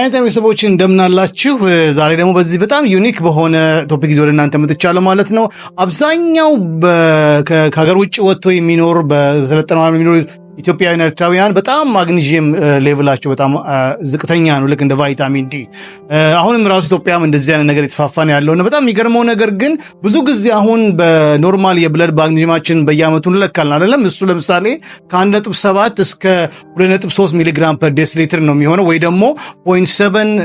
አይነት ቤተሰቦች እንደምናላችሁ። ዛሬ ደግሞ በዚህ በጣም ዩኒክ በሆነ ቶፒክ ይዞ እናንተ መጥቻለሁ ማለት ነው። አብዛኛው ከሀገር ውጭ ወጥቶ የሚኖር በሰለጠነው የሚኖር ኢትዮጵያውያን ኤርትራውያን በጣም ማግኒዥየም ሌቭላቸው በጣም ዝቅተኛ ነው፣ ልክ እንደ ቫይታሚን ዲ። አሁንም ራሱ ኢትዮጵያም እንደዚህ አይነት ነገር የተስፋፋን ያለውና በጣም የሚገርመው ነገር ግን ብዙ ጊዜ አሁን በኖርማል የብለድ ማግኒዥማችን በየአመቱ እንለካልን አይደለም? እሱ ለምሳሌ ከ1.7 እስከ 2.3 ሚሊግራም ፐር ዴሲሊትር ነው የሚሆነው ወይ ደግሞ 0.7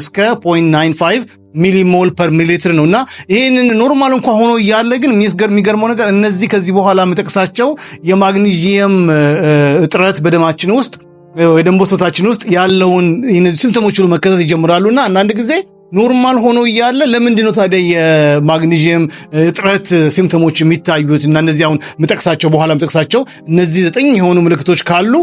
እስከ 0.95 ሚሊሞል ፐር ሚሊትር ነው እና ይህንን ኖርማል እንኳ ሆኖ እያለ ግን የሚገርመው ነገር እነዚህ ከዚህ በኋላ የምጠቅሳቸው የማግኒዥየም እጥረት በደማችን ውስጥ ወይ ደግሞ ሰታችን ውስጥ ያለውን እነዚህ ሲምፕተሞች ሁሉ መከሰት ይጀምራሉ እና አንዳንድ ጊዜ ኖርማል ሆኖ እያለ ለምንድን ነው ታዲያ የማግኒዥየም እጥረት ሲምፕተሞች የሚታዩት? እና እነዚህ አሁን ምጠቅሳቸው በኋላ ምጠቅሳቸው እነዚህ ዘጠኝ የሆኑ ምልክቶች ካሉ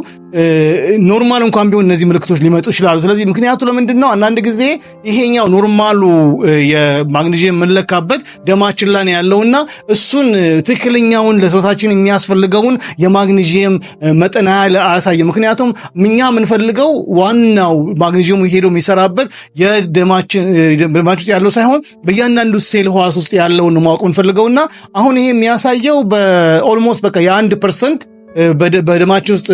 ኖርማል እንኳን ቢሆን እነዚህ ምልክቶች ሊመጡ ይችላሉ። ስለዚህ ምክንያቱ ለምንድን ነው? አንዳንድ ጊዜ ይሄኛው ኖርማሉ የማግኒዥየም የምንለካበት ደማችን ላይ ያለውና እሱን ትክክለኛውን ለሰውነታችን የሚያስፈልገውን የማግኒዥየም መጠን አያሳይም። ምክንያቱም እኛ የምንፈልገው ዋናው ማግኒዥየሙ ሄዶ የሚሰራበት የደማችን በደማች ውስጥ ያለው ሳይሆን በእያንዳንዱ ሴል ህዋስ ውስጥ ያለውን ማወቅ ምንፈልገው እና አሁን ይሄ የሚያሳየው በኦልሞስት በቃ የአንድ ፐርሰንት በደማችን ውስጥ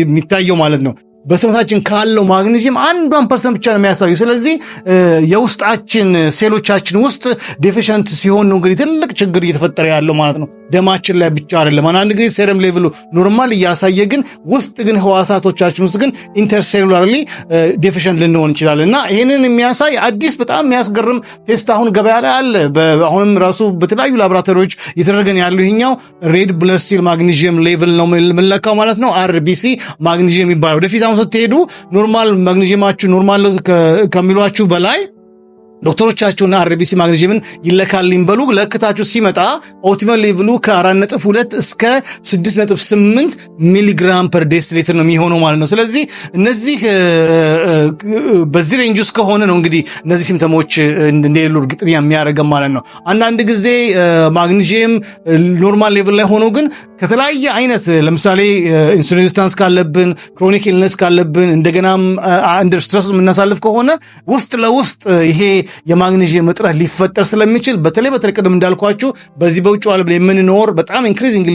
የሚታየው ማለት ነው በሰውነታችን ካለው ማግኔዥየም አንዷን ፐርሰንት ብቻ ነው የሚያሳዩ። ስለዚህ የውስጣችን ሴሎቻችን ውስጥ ዴፊሽንት ሲሆን ነው እንግዲህ ትልቅ ችግር እየተፈጠረ ያለው ማለት ነው። ደማችን ላይ ብቻ አይደለም። አንዳንድ ጊዜ ሴረም ሌቭሉ ኖርማል እያሳየ ግን ውስጥ ግን ህዋሳቶቻችን ውስጥ ግን ኢንተርሴሉላርሊ ዴፊሽንት ልንሆን እንችላለን እና ይህንን የሚያሳይ አዲስ በጣም የሚያስገርም ቴስት አሁን ገበያ ላይ አለ። አሁንም ራሱ በተለያዩ ላቦራቶሪዎች እየተደረገን ያለው ይሄኛው ሬድ ብለድ ሴል ሌቭል ነው የምንለካው ማለት ነው። አርቢሲ ማግኒዥየም ይባላል ወደፊት ሆስፒታል ስትሄዱ ኖርማል መግኒዥማችሁ ኖርማል ከሚሏችሁ በላይ ዶክተሮቻችሁና አርቢሲ ማግኔዥምን ይለካልኝ በሉ ለክታችሁ ሲመጣ ኦቲመል ሌቭሉ ከ4.2 እስከ 6.8 ሚሊግራም ፐር ዴሲሊትር ነው የሚሆነው ማለት ነው። ስለዚህ እነዚህ በዚህ ሬንጅ ውስጥ ከሆነ ነው እንግዲህ እነዚህ ሲምተሞች እንደሌሉ እርግጠኛ የሚያደርገ ማለት ነው። አንዳንድ ጊዜ ማግኔዥም ኖርማል ሌቭል ላይ ሆኖ ግን ከተለያየ አይነት ለምሳሌ ኢንሱሊን ሬዚስታንስ ካለብን፣ ክሮኒክ ኢልነስ ካለብን እንደገናም አንደር ስትረስ የምናሳልፍ ከሆነ ውስጥ ለውስጥ ይሄ የማግኔዥየም እጥረት ሊፈጠር ስለሚችል በተለይ በተለይ ቅድም እንዳልኳችሁ በዚህ በውጭ ዓለም የምንኖር በጣም ኢንክሪዚንግ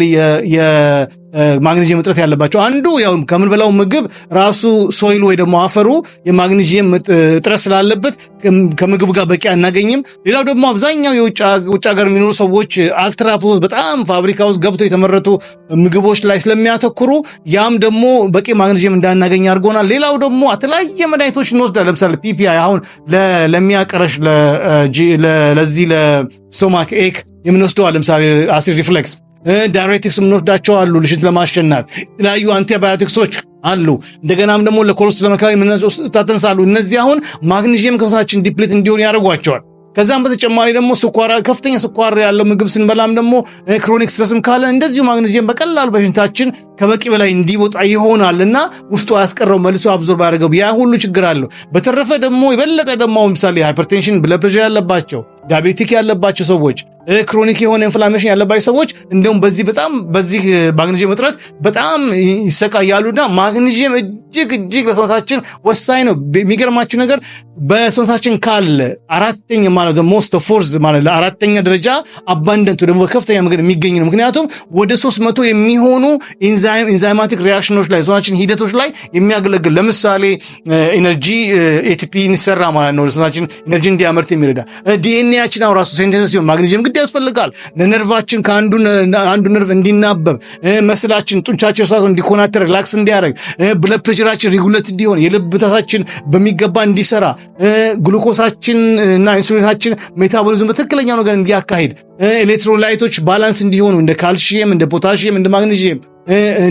ማግኔዥየም እጥረት ያለባቸው አንዱ ያው ከምንበላው ምግብ ራሱ ሶይል ወይ ደግሞ አፈሩ የማግኔዥየም እጥረት ስላለበት ከምግቡ ጋር በቂ አናገኝም። ሌላው ደግሞ አብዛኛው የውጭ ሀገር የሚኖሩ ሰዎች አልትራፕሮስ በጣም ፋብሪካ ውስጥ ገብተው የተመረቱ ምግቦች ላይ ስለሚያተኩሩ ያም ደግሞ በቂ ማግኔዥየም እንዳናገኝ አድርጎናል። ሌላው ደግሞ አተለያየ መድኃኒቶች እንወስዳለን። ለምሳሌ ፒፒአይ አሁን ለሚያቀረሽ ለዚህ ለስቶማክ ኤክ የምንወስደዋል። ለምሳሌ አሲድ ሪፍሌክስ ዳይሬቲክስ የምንወስዳቸው አሉ። ልሽንት ለማሸናት የተለያዩ አንቲባዮቲክሶች አሉ። እንደገናም ደግሞ ለኮሎስ ለመከላከል የምንወስዳቸው ስታተንስ አሉ። እነዚህ አሁን ማግኒዥየም ከሰውነታችን ዲፕሊት እንዲሆን ያደርጓቸዋል። ከዛም በተጨማሪ ደግሞ ስኳር ከፍተኛ ስኳር ያለው ምግብ ስንበላም ደግሞ ክሮኒክ ስትረስም ካለ እንደዚሁ ማግኔዚየም በቀላሉ በሽንታችን ከበቂ በላይ እንዲወጣ ይሆናል እና ውስጡ ያስቀረው መልሶ አብዞር ባደረገው ያ ሁሉ ችግር አለው። በተረፈ ደግሞ የበለጠ ደግሞ ምሳሌ ሃይፐርቴንሽን፣ ብለፕሬዥር ያለባቸው ዳቤቲክ ያለባቸው ሰዎች ክሮኒክ የሆነ ኢንፍላሜሽን ያለባቸው ሰዎች እንደውም በዚህ በጣም በዚህ ማግኒዥየም እጥረት በጣም ይሰቃያሉና ማግኒዥየም እጅግ እጅግ ለሰውነታችን ወሳኝ ነው። የሚገርማችሁ ነገር በሰውነታችን ካለ አራተኛ ማለት ሞስት ፎርስ ማለት ለአራተኛ ደረጃ አባንደንቱ ደግሞ በከፍተኛ መንገድ የሚገኝ ነው። ምክንያቱም ወደ ሶስት መቶ የሚሆኑ ኢንዛይማቲክ ሪያክሽኖች ላይ ሰውነታችን ሂደቶች ላይ የሚያገለግል ለምሳሌ ኤነርጂ ኤቲፒ ይሰራ ማለት ነው። ሰውነታችን ኤነርጂ እንዲያመርት የሚረዳ ዲኤንኤያችን አሁን ራሱ ሴንቴንስ ሲሆን ማግኒዥየም ግድ ያስፈልጋል። ነርቫችን ከአንዱ ነርቭ እንዲናበብ መስላችን ጡንቻችን ሳ እንዲኮናተር ሪላክስ እንዲያደርግ ብለድ ፕሬሽራችን ሪጉሌት እንዲሆን የልብ በሚገባ እንዲሰራ ግሉኮሳችን እና ኢንሱሊናችን ሜታቦሊዝም በትክክለኛ ነገር እንዲያካሂድ ኤሌክትሮላይቶች ባላንስ እንዲሆኑ እንደ ካልሽየም፣ እንደ ፖታሽየም፣ እንደ ማግኔዥየም፣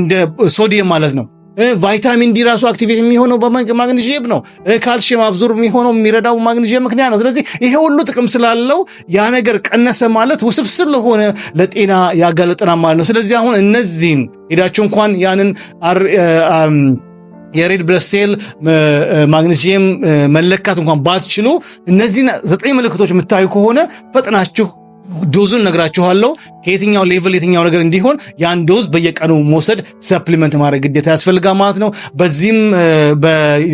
እንደ ሶዲየም ማለት ነው ቫይታሚን ዲ ራሱ አክቲቬት የሚሆነው በማግኒዥየም ነው። ካልሽየም አብዞር የሚሆነው የሚረዳው ማግኒዥየም ምክንያት ነው። ስለዚህ ይሄ ሁሉ ጥቅም ስላለው ያ ነገር ቀነሰ ማለት ውስብስብ ለሆነ ለጤና ያጋለጠና ማለት ነው። ስለዚህ አሁን እነዚህን ሄዳችሁ እንኳን ያንን የሬድ ብለድ ሴል ማግኒዥየም መለካት እንኳን ባትችሉ እነዚህን ዘጠኝ ምልክቶች የምታዩ ከሆነ ፈጥናችሁ ዶዙን ነግራችኋለሁ። ከየትኛው ሌቭል የትኛው ነገር እንዲሆን ያን ዶዝ በየቀኑ መውሰድ ሰፕሊመንት ማድረግ ግዴታ ያስፈልጋ ማለት ነው። በዚህም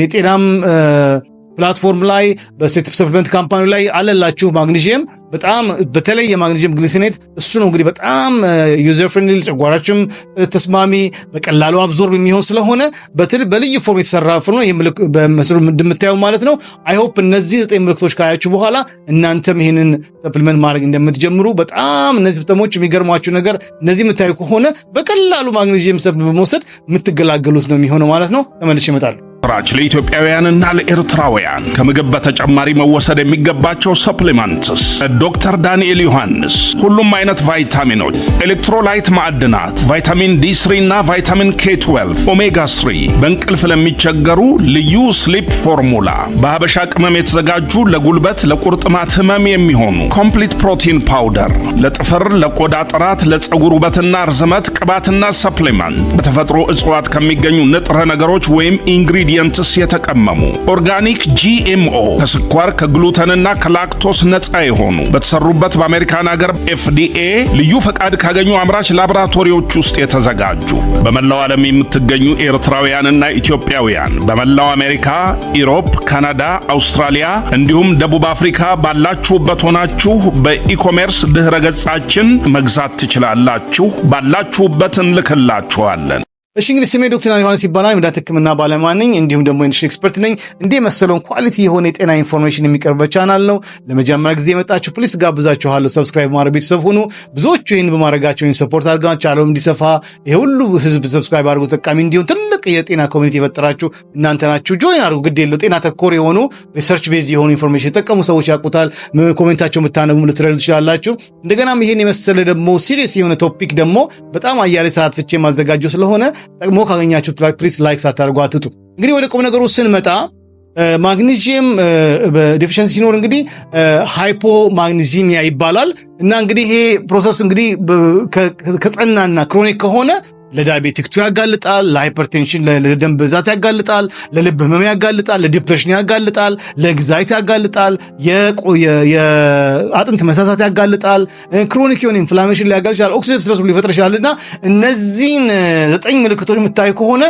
የጤናም ፕላትፎርም ላይ በሴት ሰፕሊመንት ካምፓኒ ላይ አለላችሁ። ማግኒዥየም በጣም በተለይ የማግኒዥየም ግሊሲኔት እሱ ነው እንግዲህ በጣም ዩዘር ፍሬንድሊ ጨጓራችም ተስማሚ በቀላሉ አብዞርብ የሚሆን ስለሆነ በልዩ ፎርም የተሰራ ፍር ነው። ይህ በምስሉ እንደምታየው ማለት ነው። አይሆፕ እነዚህ ዘጠኝ ምልክቶች ካያችሁ በኋላ እናንተም ይህንን ሰፕሊመንት ማድረግ እንደምትጀምሩ በጣም እነዚህ ጥቅሞች የሚገርሟችሁ ነገር እነዚህ የምታዩ ከሆነ በቀላሉ ማግኒዥየም ሰፕሊመንት በመውሰድ የምትገላገሉት ነው የሚሆነው ማለት ነው። ተመልሼ እመጣለሁ። ራች ለኢትዮጵያውያንና ለኤርትራውያን ከምግብ በተጨማሪ መወሰድ የሚገባቸው ሰፕሊመንትስ ዶክተር ዳንኤል ዮሐንስ ሁሉም አይነት ቫይታሚኖች፣ ኤሌክትሮላይት፣ ማዕድናት፣ ቫይታሚን ዲ3 እና ቫይታሚን ኬ 12 ኦሜጋ 3 በእንቅልፍ ለሚቸገሩ ልዩ ስሊፕ ፎርሙላ በሀበሻ ቅመም የተዘጋጁ ለጉልበት ለቁርጥማት ህመም የሚሆኑ ኮምፕሊት ፕሮቲን ፓውደር ለጥፍር፣ ለቆዳ ጥራት፣ ለፀጉር ውበትና ርዝመት ቅባትና ሰፕሊመንት በተፈጥሮ እጽዋት ከሚገኙ ንጥረ ነገሮች ወይም ኢንግሪ ኢንግሪዲየንትስ የተቀመሙ ኦርጋኒክ ጂኤምኦ ከስኳር ከግሉተንና ከላክቶስ ነፃ የሆኑ በተሰሩበት በአሜሪካን አገር ኤፍዲኤ ልዩ ፈቃድ ካገኙ አምራች ላቦራቶሪዎች ውስጥ የተዘጋጁ በመላው ዓለም የምትገኙ ኤርትራውያንና ኢትዮጵያውያን በመላው አሜሪካ፣ ኢሮፕ፣ ካናዳ፣ አውስትራሊያ እንዲሁም ደቡብ አፍሪካ ባላችሁበት ሆናችሁ በኢኮሜርስ ድኅረ ገጻችን መግዛት ትችላላችሁ። ባላችሁበት እንልክላችኋለን። እሺ እንግዲህ ስሜ ዶክተር ዮሐንስ ይባላል። የመድኃኒት ሕክምና ባለሙያ ነኝ፣ እንዲሁም ደግሞ ኢንዱስትሪ ኤክስፐርት ነኝ። እንዲህ መሰለውን ኳሊቲ የሆነ የጤና ኢንፎርሜሽን የሚቀርብበት ቻናል ነው። ለመጀመሪያ ጊዜ የመጣችሁ ፕሊስ ጋብዛችኋለሁ፣ ሰብስክራይብ ማድረግ ቤተሰብ ሁኑ። ብዙዎቹ ይህን በማድረጋቸው ሰፖርት አድርጋ ቻለው እንዲሰፋ የሁሉ ህዝብ ሰብስክራይብ አድርጎ ጠቃሚ እንዲሁም ትልቅ የጤና ኮሚኒቲ የፈጠራችሁ እናንተ ናችሁ። ጆይን አድርጉ፣ ግድ የለው ጤና ተኮር የሆኑ ሪሰርች ቤዝ የሆኑ ኢንፎርሜሽን የጠቀሙ ሰዎች ያውቁታል። ኮሜንታቸው የምታነቡ ልትረዱ ትችላላችሁ። እንደገናም ይህን የመሰለ ደግሞ ሲሪየስ የሆነ ቶፒክ ደግሞ በጣም አያሌ ሰዓት ፍቼ የማዘጋጀው ስለሆነ ጠቅሞ ካገኛችሁ ፕሪስ ላይክ ሳታደርጉ አትጡ። እንግዲህ ወደ ቁም ነገሩ ስንመጣ ማግኒዚየም ዴፊሽንሲ ሲኖር እንግዲህ ሃይፖ ማግኒዚሚያ ይባላል እና እንግዲህ ይሄ ፕሮሰስ እንግዲህ ከጸናና ክሮኒክ ከሆነ ለዳይቤቲክቱ ያጋልጣል፣ ለሃይፐርቴንሽን ለደም ብዛት ያጋልጣል፣ ለልብ ህመም ያጋልጣል፣ ለዲፕሬሽን ያጋልጣል፣ ለግዛይት ያጋልጣል፣ የአጥንት መሳሳት ያጋልጣል፣ ክሮኒክ የሆነ ኢንፍላሜሽን ሊያጋል ይችላል፣ ኦክሲዲቭ ስትረስ ሊፈጥር እና እነዚህን ዘጠኝ ምልክቶች የምታዩ ከሆነ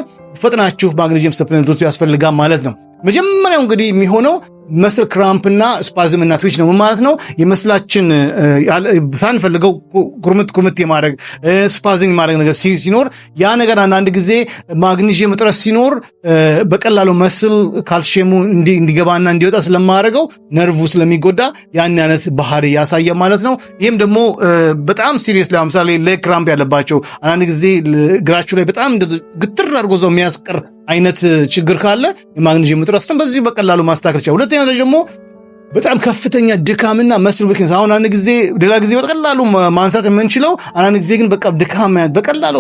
ፈጥናችሁ ማግኔዥየም ሰፕሊመንቶች ያስፈልጋል ማለት ነው። መጀመሪያው እንግዲህ የሚሆነው መስል ክራምፕና ስፓዝም እና ትዊች ነው ማለት ነው። የመስላችን ሳንፈልገው ኩርምት ኩርምት የማድረግ ስፓዝም የማድረግ ነገር ሲኖር ያ ነገር አንዳንድ ጊዜ ማግኒዥየም እጥረት ሲኖር በቀላሉ መስል ካልሽየሙ እንዲገባና እንዲወጣ ስለማያደርገው ነርቭ ስለሚጎዳ ያን አይነት ባህሪ ያሳየ ማለት ነው። ይህም ደግሞ በጣም ሲሪየስ ለምሳሌ ሌግ ክራምፕ ያለባቸው አንዳንድ ጊዜ እግራችሁ ላይ በጣም ግትር አድርጎ የሚያስቀር አይነት ችግር ካለ የማግኒዥየም እጥረት ነው። በዚሁ በቀላሉ ማስተካከል ይቻላል። ደረጃ ደግሞ በጣም ከፍተኛ ድካምና መስል ዊክነስ። አሁን አንድ ጊዜ ሌላ ጊዜ በቀላሉ ማንሳት የምንችለው አንድ ጊዜ ግን በቃ ድካም ያት በቀላሉ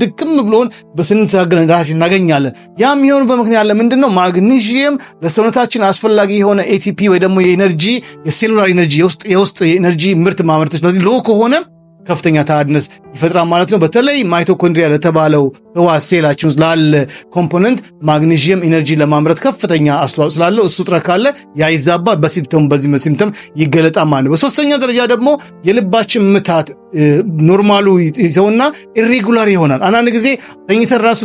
ድክም ብሎን በስንታገል ራሽ እናገኛለን። ያም የሆኑበት ምክንያት አለ። ምንድን ነው? ማግኒዥየም ለሰውነታችን አስፈላጊ የሆነ ኤቲፒ ወይ ደግሞ የኤነርጂ የሴሉላር ኤነርጂ የውስጥ የኤነርጂ ምርት ማመርቶች ስለዚህ ሎ ከሆነ ከፍተኛ ታድነስ ይፈጥራል ማለት ነው። በተለይ ማይቶኮንድሪያ ለተባለው ህዋስ ሴላችን ውስጥ ላለ ኮምፖነንት ማግኔዥየም ኢነርጂ ለማምረት ከፍተኛ አስተዋጽኦ ስላለው እሱ ጥረት ካለ ያይዛባ በሲምፕተሙ በዚህ በሲምፕተም ይገለጣ ማለት ነው። በሶስተኛ ደረጃ ደግሞ የልባችን ምታት ኖርማሉ ይተውና ኢሬጉላር ይሆናል። አንዳንድ ጊዜ ተኝተን ራሱ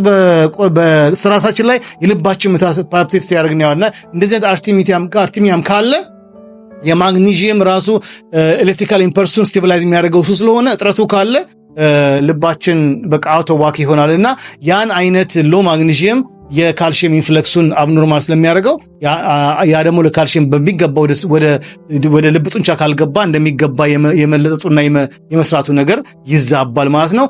በስራሳችን ላይ የልባችን ምታት ፓፕቴት ሲያደርግ ያዋልና እንደዚህ አይነት አርቲሚያም ካለ የማግኒዥየም ራሱ ኤሌክትሪካል ኢምፐርሱን ስቴብላይዝ የሚያደርገው እሱ ስለሆነ እጥረቱ ካለ ልባችን በቃ አውቶ ዋክ ይሆናል እና ያን አይነት ሎ ማግኒዥየም የካልሽየም ኢንፍሌክሱን አብኖርማል ስለሚያደርገው ያ ደግሞ ለካልሽየም በሚገባ ወደ ልብ ጡንቻ ካልገባ እንደሚገባ የመለጠጡና የመስራቱ ነገር ይዛባል ማለት ነው።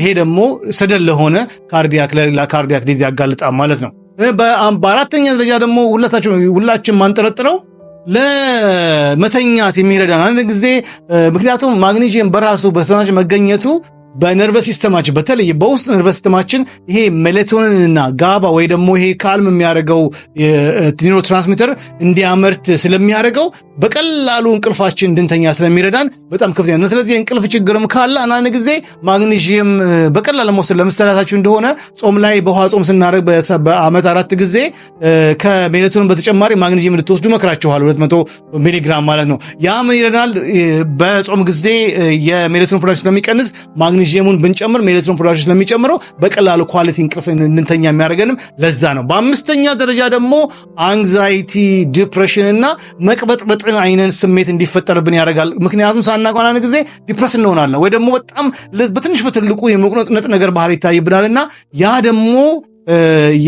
ይሄ ደግሞ ሰደል ለሆነ ካርዲያክ ለካርዲያክ ዲዝ ያጋልጣል ማለት ነው። በአራተኛ ደረጃ ደግሞ ሁላችን ማንጠረጥረው ለመተኛት የሚረዳን አንድ ጊዜ ምክንያቱም ማግኒዥየም በራሱ በሰውነታችን መገኘቱ በነርቨስ ሲስተማችን በተለይ በውስጥ ነርቨስ ሲስተማችን ይሄ ሜላቶኒንና ጋባ ወይ ደግሞ ይሄ ካልም የሚያደርገው ኒውሮ ትራንስሚተር እንዲያመርት ስለሚያደርገው በቀላሉ እንቅልፋችን እንድንተኛ ስለሚረዳን በጣም ከፍተኛ ነው። ስለዚህ የእንቅልፍ ችግርም ካለ አንዳንድ ጊዜ ማግኔዥየም በቀላል መውሰድ ለምሳሌታችሁ እንደሆነ ጾም ላይ በውሃ ጾም ስናደርግ በአመት አራት ጊዜ ከሜላቶኒን በተጨማሪ ማግኔዥየም እንድትወስዱ መክራችኋል። 200 ሚሊግራም ማለት ነው። ያ ምን ይረዳል? በጾም ጊዜ የሜላቶኒን ፕሮዳክሽን ስለሚቀንስ ማግኔ ማግኔዥየሙን ብንጨምር ኤሌክትሮን ፕሮዳክሽን ስለሚጨምረው በቀላሉ ኳሊቲ እንቅልፍ እንንተኛ የሚያደርገንም ለዛ ነው። በአምስተኛ ደረጃ ደግሞ አንግዛይቲ ዲፕሬሽን እና መቅበጥበጥን አይነን ስሜት እንዲፈጠርብን ያደርጋል። ምክንያቱም ሳናቋናን ጊዜ ዲፕረስ እንሆናለን ወይ ደግሞ በጣም በትንሽ በትልቁ የመቁነጥነጥ ነገር ባህር ይታይብናል እና ያ ደግሞ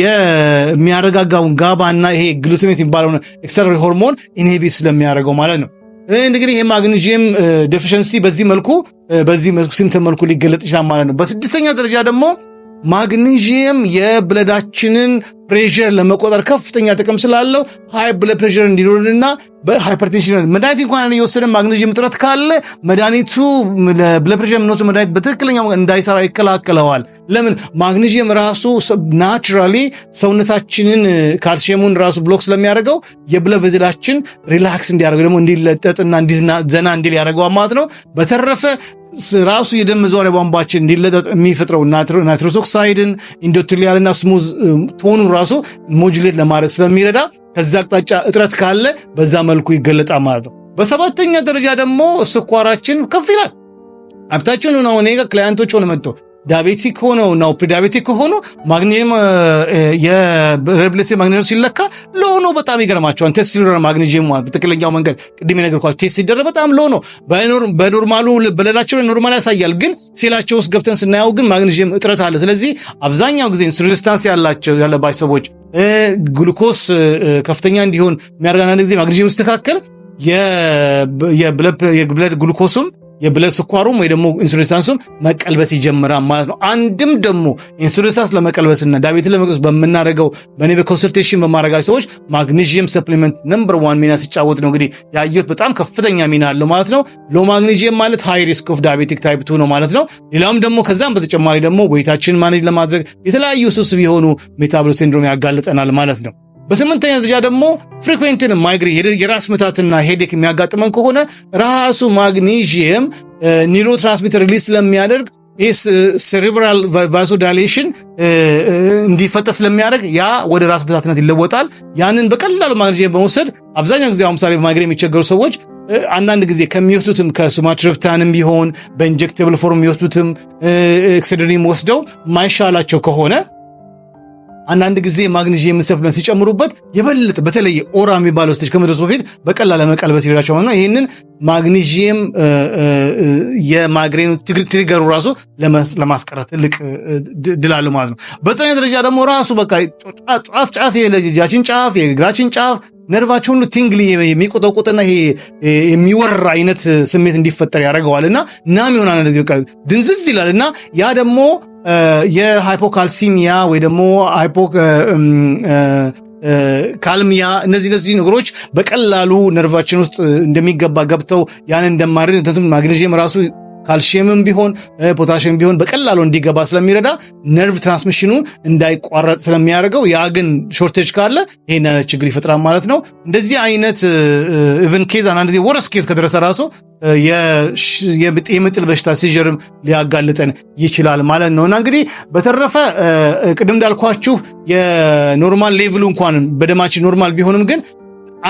የሚያረጋጋውን ጋባ እና ይሄ ግሉትሜት የሚባለውን ኤክስተራሪ ሆርሞን ኢንሂቢት ስለሚያደርገው ማለት ነው። እንግዲህ ይህ ማግኒዥየም ዴፊሽንሲ በዚህ መልኩ በዚህ ሲምት መልኩ ሊገለጥ ይችላል ማለት ነው። በስድስተኛ ደረጃ ደግሞ ማግኒዥየም የብለዳችንን ፕሬር ለመቆጠር ከፍተኛ ጥቅም ስላለው ሃይ ብለድ ፕሬር እንዲኖርንና በሃይፐርቴንሽን መድኃኒት እንኳን የወሰደ ማግኔዥየም እጥረት ካለ መድኃኒቱ ብለድ ፕሬር የምንወስደው መድኃኒት በትክክለኛ እንዳይሰራ ይከላከለዋል። ለምን ማግኔዥየም ራሱ ናቹራሊ ሰውነታችንን ካልሽየሙን ራሱ ብሎክ ስለሚያደርገው የብለድ ቬዝላችን ሪላክስ እንዲያደርገው ደግሞ እንዲለጠጥና ዘና እንዲል ያደርገዋል ማለት ነው። በተረፈ ራሱ የደም መዘዋወሪያ ቧንቧችን እንዲለጠጥ የሚፈጥረው ናይትሮስ ኦክሳይድን ኢንዶትሊያልና ስሙዝ ቶኑ ራሱ ሞጁሌት ለማድረግ ስለሚረዳ ከዚ አቅጣጫ እጥረት ካለ በዛ መልኩ ይገለጣል ማለት ነው። በሰባተኛ ደረጃ ደግሞ ስኳራችን ከፍ ይላል። አብታችን ሆነ ክላያንቶች ሆነ መጥተው ዳቤቲክ ሆኖ ነው ዳቤቲክ ሆኖ ማግኒየም የብለሴ ማግኒየም ሲለካ ነው። በጣም ይገርማቸዋል። ቴስት ሲደረግ ማግኒየም በትክክለኛው መንገድ ቅድም የነገርኳቸው ቴስት ሲደረግ በጣም ሎኖ በኖርማሉ በሌላቸው ላይ ኖርማል ያሳያል፣ ግን ሴላቸው ውስጥ ገብተን ስናየው ግን ማግኒየም እጥረት አለ። ስለዚህ አብዛኛው ጊዜ ሬዚስታንስ ያላቸው ያለባቸው ሰዎች ግሉኮስ ከፍተኛ እንዲሆን የሚያደርግ አንዳንድ ጊዜ ማግኒየም ሲስተካከል የብለድ ግሉኮስም የብለድ ስኳሩም ወይ ደግሞ ኢንሱሊንሳንሱም መቀልበስ ይጀምራል ማለት ነው። አንድም ደግሞ ኢንሱሊንሳንስ ለመቀልበስና ዳቤት ለመቀስ በምናደርገው በእኔ በኮንሰልቴሽን በማድረጋቸው ሰዎች ማግኒዥየም ሰፕሊመንት ነምበር ዋን ሚና ሲጫወት ነው እንግዲህ ያየሁት። በጣም ከፍተኛ ሚና አለው ማለት ነው። ሎ ማግኒዥየም ማለት ሃይ ሪስክ ኦፍ ዳቤቲክ ታይፕ ቱ ነው ማለት ነው። ሌላውም ደግሞ ከዛም በተጨማሪ ደግሞ ወይታችን ማኔጅ ለማድረግ የተለያዩ ስብስብ የሆኑ ሜታቦሊክ ሲንድሮም ያጋልጠናል ማለት ነው። በስምንተኛ ደረጃ ደግሞ ፍሪኩዌንትን ማይግሬን የራስ ምታትና ሄዴክ የሚያጋጥመን ከሆነ ራሱ ማግኒዥየም ኒሮ ትራንስሚተር ሪሊዝ ስለሚያደርግ ይህ ሴሬብራል ቫሶዳይሌሽን እንዲፈጠር ስለሚያደርግ ያ ወደ ራስ ምታትነት ይለወጣል። ያንን በቀላሉ ማግኒዥየም በመውሰድ አብዛኛው ጊዜ አሁን ምሳሌ በማይግሬን የሚቸገሩ ሰዎች አንዳንድ ጊዜ ከሚወስዱትም ከሱማትሪፕታንም ቢሆን በኢንጀክቴብል ፎርም የሚወስዱትም ኤክሰደሪም ወስደው ማይሻላቸው ከሆነ አንዳንድ ጊዜ ማግኒዥየም ሰፕሊመንት ሲጨምሩበት የበለጠ በተለይ ኦራ የሚባለው ስቴጅ ከመድረሱ በፊት በቀላል ለመቀልበስ ይረዳቸዋል። ይህንን ማግኒዥየም የማግሬኑ ትሪገሩ ራሱ ለማስቀረት ትልቅ ድል አለው ማለት ነው። በጤና ደረጃ ደግሞ ራሱ በቃ ጫፍ ጫፍ የእጃችን ጫፍ የእግራችን ጫፍ ነርቫቸው ሁሉ ቲንግሊ የሚቆጠቁጥና ይሄ የሚወራ አይነት ስሜት እንዲፈጠር ያደርገዋል እና ናም የሆነ ነገር በቃ ድንዝዝ ይላል እና ያ ደግሞ የሃይፖካልሲሚያ ወይ ደግሞ ካልሚያ፣ እነዚህ እነዚህ ነገሮች በቀላሉ ነርቫችን ውስጥ እንደሚገባ ገብተው ያን እንደማድረግ ማግኔዥየም ራሱ ካልሽየምም ቢሆን ፖታሽም ቢሆን በቀላሉ እንዲገባ ስለሚረዳ ነርቭ ትራንስሚሽኑ እንዳይቋረጥ ስለሚያደርገው፣ ያ ግን ሾርቴጅ ካለ ይህን አይነት ችግር ይፈጥራል ማለት ነው። እንደዚህ አይነት ኢቨን ኬዝ አንዳንድ ጊዜ ወረስ ኬዝ ከደረሰ ራሱ የምጥል በሽታ ሲጀርም ሊያጋልጠን ይችላል ማለት ነው። እና እንግዲህ በተረፈ ቅድም እንዳልኳችሁ የኖርማል ሌቭሉ እንኳን በደማችን ኖርማል ቢሆንም ግን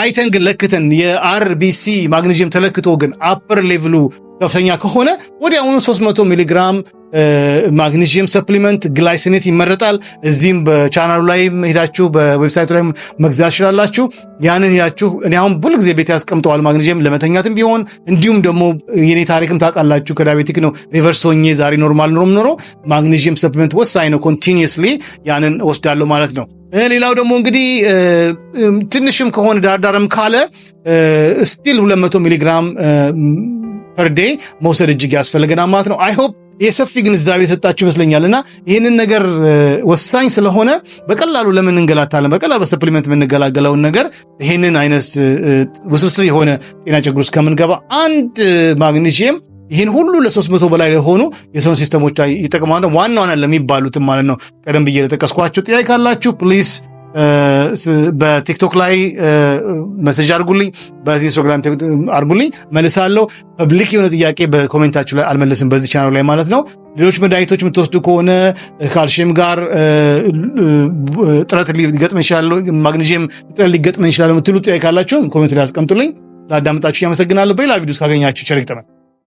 አይተን ግን ለክተን የአርቢሲ ማግኔዥየም ተለክቶ ግን አፐር ሌቭሉ ከፍተኛ ከሆነ ወዲያውኑ 300 ሚሊግራም ማግኔዥየም ሰፕሊመንት ግላይሲኔት ይመረጣል። እዚህም በቻናሉ ላይ ሄዳችሁ በዌብሳይቱ ላይ መግዛት ይችላላችሁ። ያንን ሄዳችሁ እኔ አሁን ሁል ጊዜ ቤት ያስቀምጠዋል ማግኔዥየም ለመተኛትም ቢሆን እንዲሁም ደግሞ የኔ ታሪክም ታውቃላችሁ ከዳቤቲክ ነው ሪቨርስ ሆኜ ዛሬ ኖርማል ኖሮ ምኖሮ ማግኔዥየም ሰፕሊመንት ወሳኝ ነው። ኮንቲኒየስሊ ያንን ወስዳለሁ ማለት ነው። ሌላው ደግሞ እንግዲህ ትንሽም ከሆነ ዳርዳርም ካለ ስቲል 200 ሚሊግራም ፐርዴ መውሰድ እጅግ ያስፈልገና ማለት ነው። ሆፕ የሰፊ ግንዛቤ የሰጣችሁ ይመስለኛል እና ይህንን ነገር ወሳኝ ስለሆነ በቀላሉ ለምን እንገላታለን? በቀላሉ በሰፕሊመንት የምንገላገለውን ነገር ይህንን አይነት ውስብስብ የሆነ ጤና ችግር ውስጥ ከምንገባ አንድ ማግኒዥየም ይህን ሁሉ ለሶስት መቶ በላይ ለሆኑ የሰውን ሲስተሞች ላይ ዋና ዋና ለሚባሉትም ማለት ነው። ቀደም ብዬ ለጠቀስኳቸው ጥያቄ ካላችሁ ፕሊስ በቲክቶክ ላይ መሰጅ አርጉልኝ፣ በኢንስታግራም አርጉልኝ፣ መልሳለሁ። ፐብሊክ የሆነ ጥያቄ በኮሜንታችሁ ላይ አልመለስም፣ በዚህ ቻናል ላይ ማለት ነው። ሌሎች መድኃኒቶች የምትወስዱ ከሆነ ካልሽም ጋር ጥረት ሊገጥመ ይችላለ፣ ማግኒዥም ጥረት ሊገጥመ ይችላለ የምትሉ ጥያቄ ካላችሁ ኮሜንቱ ላይ አስቀምጡልኝ። ላዳመጣችሁ እያመሰግናለሁ። በሌላ ቪዲዮ እስካገኛችሁ ቸር ይግጠመን።